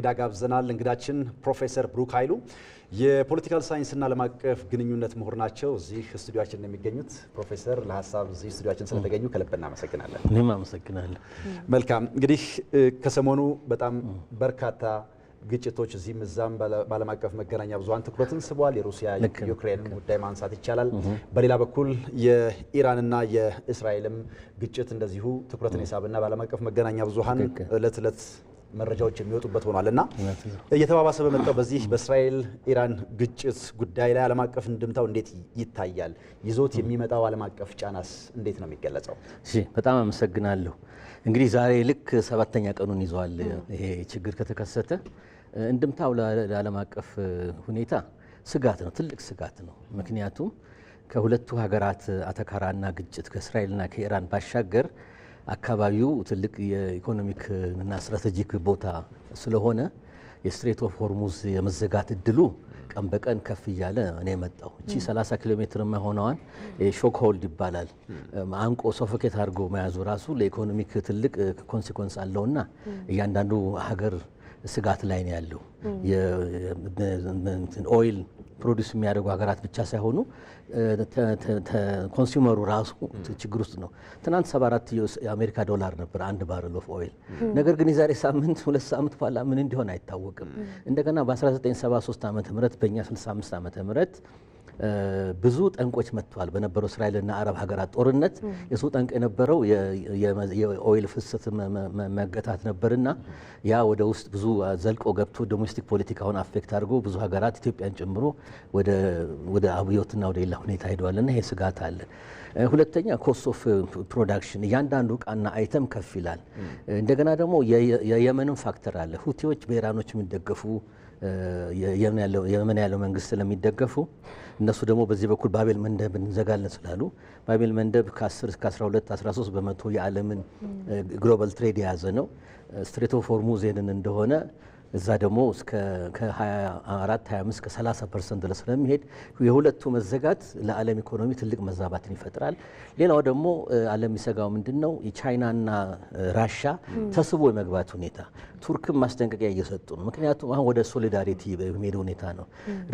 እንግዳ ጋብዘናል። እንግዳችን ፕሮፌሰር ብሩክ ኃይሉ የፖለቲካል ሳይንስና ዓለም አቀፍ ግንኙነት ምሁር ናቸው። እዚህ ስቱዲዮችን የሚገኙት ፕሮፌሰር ለሀሳብ እዚህ ስቱዲዮችን ስለተገኙ ከልብ እናመሰግናለን። እኔም አመሰግናለሁ። መልካም እንግዲህ ከሰሞኑ በጣም በርካታ ግጭቶች እዚህም እዛም በዓለም አቀፍ መገናኛ ብዙሃን ትኩረትን ስቧል። የሩሲያ ዩክሬን ጉዳይ ማንሳት ይቻላል። በሌላ በኩል የኢራንና የእስራኤልም ግጭት እንደዚሁ ትኩረትን የሳብና በዓለም አቀፍ መገናኛ ብዙኃን እለት እለት መረጃዎች የሚወጡበት ሆኗል እና እየተባባሰ በመጣው በዚህ በእስራኤል ኢራን ግጭት ጉዳይ ላይ ዓለም አቀፍ እንድምታው እንዴት ይታያል? ይዞት የሚመጣው ዓለም አቀፍ ጫናስ እንዴት ነው የሚገለጸው? እሺ፣ በጣም አመሰግናለሁ። እንግዲህ ዛሬ ልክ ሰባተኛ ቀኑን ይዟል ይሄ ችግር ከተከሰተ። እንድምታው ለዓለም አቀፍ ሁኔታ ስጋት ነው፣ ትልቅ ስጋት ነው። ምክንያቱም ከሁለቱ ሀገራት አተካራና ግጭት ከእስራኤልና ከኢራን ባሻገር አካባቢው ትልቅ የኢኮኖሚክ እና ስትራቴጂክ ቦታ ስለሆነ የስትሬት ኦፍ ሆርሙዝ የመዘጋት እድሉ ቀን በቀን ከፍ እያለ እኔ መጣው። እቺ 30 ኪሎ ሜትር መሆነዋን ሾክ ሆልድ ይባላል። አንቆ ሶፎኬት አድርጎ መያዙ ራሱ ለኢኮኖሚክ ትልቅ ኮንሲኮንስ አለውና እያንዳንዱ ሀገር ስጋት ላይ ነው ያለው። ኦይል ፕሮዲስ የሚያደርጉ ሀገራት ብቻ ሳይሆኑ ኮንሱመሩ ራሱ ችግር ውስጥ ነው። ትናንት 74 የአሜሪካ ዶላር ነበር አንድ ባረል ኦፍ ኦይል። ነገር ግን የዛሬ ሳምንት ሁለት ሳምንት በኋላ ምን እንዲሆን አይታወቅም። እንደገና በ1973 ዓ ም በእኛ 65 ዓ ም ብዙ ጠንቆች መጥተዋል። በነበረው እስራኤልና አረብ ሀገራት ጦርነት የሱ ጠንቅ የነበረው የኦይል ፍሰት መገታት ነበርና ያ ወደ ውስጥ ብዙ ዘልቆ ገብቶ ደሞ ዶሜስቲክ ፖለቲካውን አፌክት አድርጎ ብዙ ሀገራት ኢትዮጵያን ጨምሮ ወደ አብዮትና ወደ ሌላ ሁኔታ ሄደዋልና ይሄ ስጋት አለ። ሁለተኛ ኮስት ኦፍ ፕሮዳክሽን እያንዳንዱ እቃና አይተም ከፍ ይላል። እንደገና ደግሞ የየመንም ፋክተር አለ። ሁቲዎች በኢራኖች የሚደገፉ የመን ያለው መንግስት ስለሚደገፉ እነሱ ደግሞ በዚህ በኩል ባቤል መንደብ እንዘጋለን ስላሉ ባቤል መንደብ ከ10 እስከ 12 13 በመቶ የዓለምን ግሎባል ትሬድ የያዘ ነው። ስትሬት ኦፍ ሆርሙዝ እንደሆነ እዛ ደግሞ እስከ 24 25 እስከ 30 ፐርሰንት ድረስ ስለሚሄድ የሁለቱ መዘጋት ለዓለም ኢኮኖሚ ትልቅ መዛባትን ይፈጥራል። ሌላው ደግሞ ዓለም የሚሰጋው ምንድን ነው? የቻይናና ራሻ ተስቦ የመግባት ሁኔታ ቱርክም ማስጠንቀቂያ እየሰጡ ነው። ምክንያቱም አሁን ወደ ሶሊዳሪቲ በሚሄድ ሁኔታ ነው።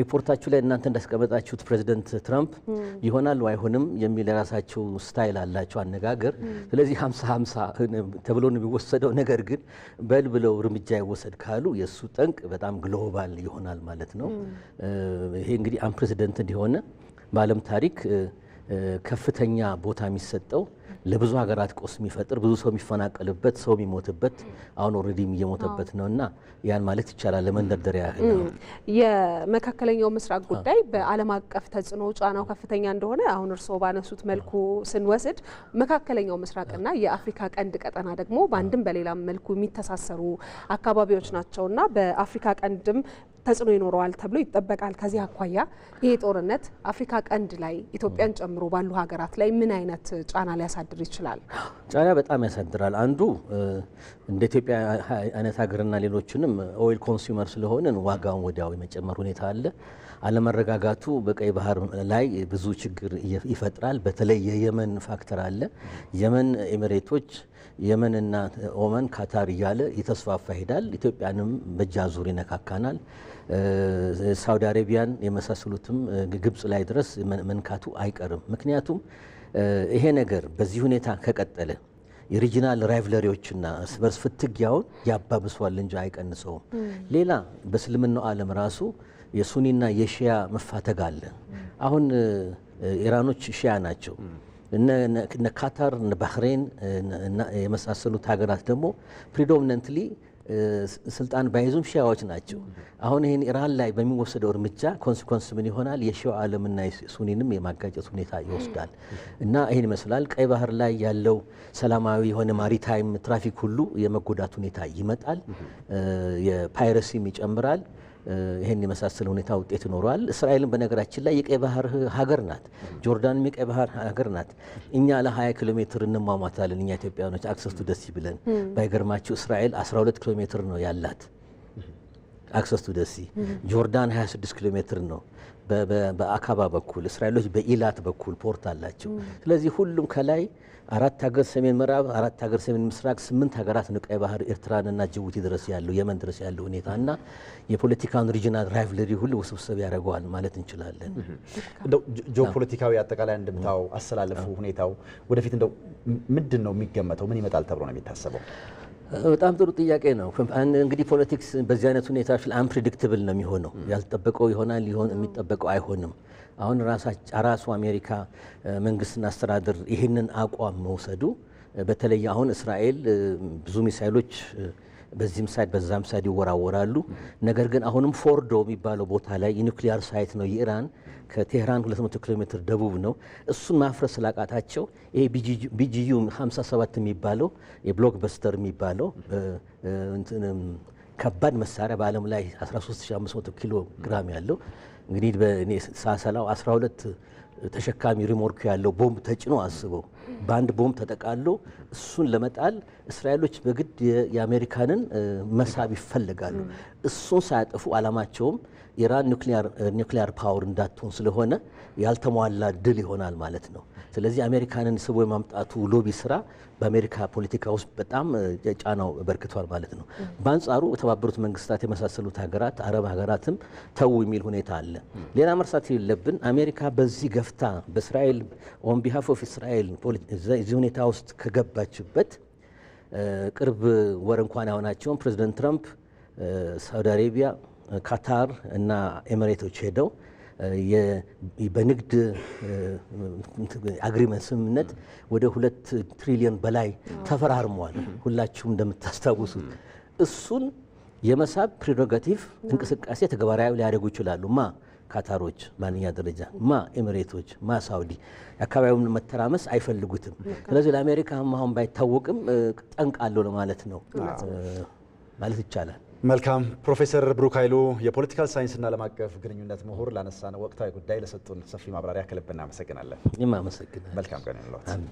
ሪፖርታችሁ ላይ እናንተ እንዳስቀመጣችሁት ፕሬዚደንት ትራምፕ ይሆናል አይሆንም የሚል የራሳቸው ስታይል አላቸው አነጋገር። ስለዚህ 50 50 ተብሎ ነው የሚወሰደው። ነገር ግን በል ብለው እርምጃ ይወሰድ ካሉ የእሱ ጠንቅ በጣም ግሎባል ይሆናል ማለት ነው። ይሄ እንግዲህ አንፕሬዚደንት የሆነ በዓለም ታሪክ ከፍተኛ ቦታ የሚሰጠው ለብዙ ሀገራት ቀውስ የሚፈጥር ብዙ ሰው የሚፈናቀልበት ሰው የሚሞትበት አሁን ኦልሬዲ እየሞተበት ነው እና ያን ማለት ይቻላል ለመንደርደሪያ ያህል የመካከለኛው ምስራቅ ጉዳይ በዓለም አቀፍ ተጽዕኖ ጫናው ከፍተኛ እንደሆነ አሁን እርስዎ ባነሱት መልኩ ስንወስድ መካከለኛው ምስራቅና የአፍሪካ ቀንድ ቀጠና ደግሞ በአንድም በሌላም መልኩ የሚተሳሰሩ አካባቢዎች ናቸውና በአፍሪካ ቀንድም ተጽዕኖ ይኖረዋል ተብሎ ይጠበቃል። ከዚህ አኳያ ይሄ ጦርነት አፍሪካ ቀንድ ላይ ኢትዮጵያን ጨምሮ ባሉ ሀገራት ላይ ምን አይነት ጫና ሊያሳድር ይችላል? ጫና በጣም ያሳድራል። አንዱ እንደ ኢትዮጵያ አይነት ሀገርና ሌሎችንም ኦይል ኮንሱመር ስለሆንን ዋጋውን ወዲያው የመጨመር ሁኔታ አለ። አለመረጋጋቱ በቀይ ባህር ላይ ብዙ ችግር ይፈጥራል። በተለይ የየመን ፋክተር አለ። የመን ኤሚሬቶች፣ የመንና ኦመን፣ ካታር እያለ የተስፋፋ ይሄዳል። ኢትዮጵያንም በእጃ ዙር ይነካካናል። ሳውዲ አረቢያን የመሳሰሉትም ግብጽ ላይ ድረስ መንካቱ አይቀርም። ምክንያቱም ይሄ ነገር በዚህ ሁኔታ ከቀጠለ የሪጂናል ራይቭለሪዎችና እርስ በርስ ፍትጊያውን ያባብሷል እንጂ አይቀንሰውም። ሌላ በእስልምናው ዓለም ራሱ የሱኒና የሺያ መፋተግ አለ። አሁን ኢራኖች ሺያ ናቸው። እነ ካታር፣ እነ ባህሬን የመሳሰሉት ሀገራት ደግሞ ፕሪዶሚነንትሊ ስልጣን ባይዙም ሺያዎች ናቸው። አሁን ይህን ኢራን ላይ በሚወሰደው እርምጃ ኮንሲኮንስ ምን ይሆናል? የሺው ዓለምና ሱኒንም የማጋጨት ሁኔታ ይወስዳል እና ይህን ይመስላል። ቀይ ባህር ላይ ያለው ሰላማዊ የሆነ ማሪታይም ትራፊክ ሁሉ የመጎዳት ሁኔታ ይመጣል። የፓይረሲም ይጨምራል። ይህን የመሳሰለ ሁኔታ ውጤት ይኖረዋል። እስራኤልን በነገራችን ላይ የቀይ ባህር ሀገር ናት። ጆርዳንም የቀይ ባህር ሀገር ናት። እኛ ለ20 ኪሎ ሜትር እንሟሟታለን እኛ ኢትዮጵያኖች አክሰስቱ ደስ ይብለን። ባይገርማችሁ እስራኤል 12 ኪሎ ሜትር ነው ያላት። አክሰስ ቱ ደሲ ጆርዳን 26 ኪሎ ሜትር ነው። በአካባ በኩል እስራኤሎች በኢላት በኩል ፖርት አላቸው። ስለዚህ ሁሉም ከላይ አራት ሀገር ሰሜን ምዕራብ፣ አራት ሀገር ሰሜን ምስራቅ፣ ስምንት ሀገራት ነው ቀይ ባህር ኤርትራንና ጅቡቲ ድረስ ያለው የመን ድረስ ያለው ሁኔታ እና የፖለቲካን ሪጅናል ራይቭለሪ ሁሉ ውስብስብ ያደርገዋል ማለት እንችላለን። እንደው ጂኦፖለቲካዊ አጠቃላይ እንድምታው፣ አሰላለፉ፣ ሁኔታው ወደፊት እንደው ምንድን ነው የሚገመተው? ምን ይመጣል ተብሎ ነው የሚታሰበው? በጣም ጥሩ ጥያቄ ነው። እንግዲህ ፖለቲክስ በዚህ አይነት ሁኔታ ላይ አንፕሪዲክትብል ነው የሚሆነው። ያልጠበቀው ይሆናል ሊሆን የሚጠበቀው አይሆንም። አሁን ራሱ አሜሪካ መንግስትና አስተዳደር ይህንን አቋም መውሰዱ በተለይ አሁን እስራኤል ብዙ ሚሳይሎች በዚህም ሳይድ በዛም ሳይድ ይወራወራሉ። ነገር ግን አሁንም ፎርዶ የሚባለው ቦታ ላይ የኒውክሊያር ሳይት ነው የኢራን ከቴህራን 200 ኪሎ ሜትር ደቡብ ነው። እሱን ማፍረስ ስላቃታቸው ይሄ ቢጂዩ 57 የሚባለው የብሎክ በስተር የሚባለው ከባድ መሳሪያ በዓለም ላይ 13500 ኪሎ ግራም ያለው እንግዲህ በእኔ ሳሰላው 12 ተሸካሚ ሪሞርኩ ያለው ቦምብ ተጭኖ አስበው በአንድ ቦምብ ተጠቃሎ እሱን ለመጣል እስራኤሎች በግድ የአሜሪካንን መሳብ ይፈልጋሉ። እሱን ሳያጠፉ አላማቸውም ኢራን ኒውክሊያር ፓወር እንዳትሆን ስለሆነ ያልተሟላ ድል ይሆናል ማለት ነው። ስለዚህ አሜሪካንን ስቦ የማምጣቱ ሎቢ ስራ በአሜሪካ ፖለቲካ ውስጥ በጣም ጫናው በርክቷል ማለት ነው። በአንጻሩ የተባበሩት መንግስታት የመሳሰሉት ሀገራት፣ አረብ ሀገራትም ተው የሚል ሁኔታ አለ። የለም። ሌላ መርሳት የለብን አሜሪካ በዚህ ገፍታ በእስራኤል ኦን ቢሃፍ ኦፍ እስራኤል እዚህ ሁኔታ ውስጥ ከገባችበት ቅርብ ወር እንኳን ያሆናቸውን ፕሬዚደንት ትራምፕ ሳውዲ አሬቢያ፣ ካታር እና ኤሚሬቶች ሄደው በንግድ አግሪመንት ስምምነት ወደ ሁለት ትሪሊዮን በላይ ተፈራርመዋል። ሁላችሁም እንደምታስታውሱት እሱን የመሳብ ፕሪሮጋቲቭ እንቅስቃሴ ተግባራዊ ሊያደርጉ ይችላሉ። ማ ካታሮች፣ ማንኛ ደረጃ ማ ኤሚሬቶች፣ ማ ሳውዲ አካባቢውን መተራመስ አይፈልጉትም። ስለዚህ ለአሜሪካ አሁን ባይታወቅም ጠንቅ አለው ለማለት ነው ማለት ይቻላል። መልካም ፕሮፌሰር ብሩክ ኃይሉ የፖለቲካል ሳይንስና ዓለም አቀፍ ግንኙነት ምሁር ላነሳነው ወቅታዊ ጉዳይ ለሰጡን ሰፊ ማብራሪያ ከልብ እናመሰግናለን። ይህም አመሰግናል። መልካም ቀን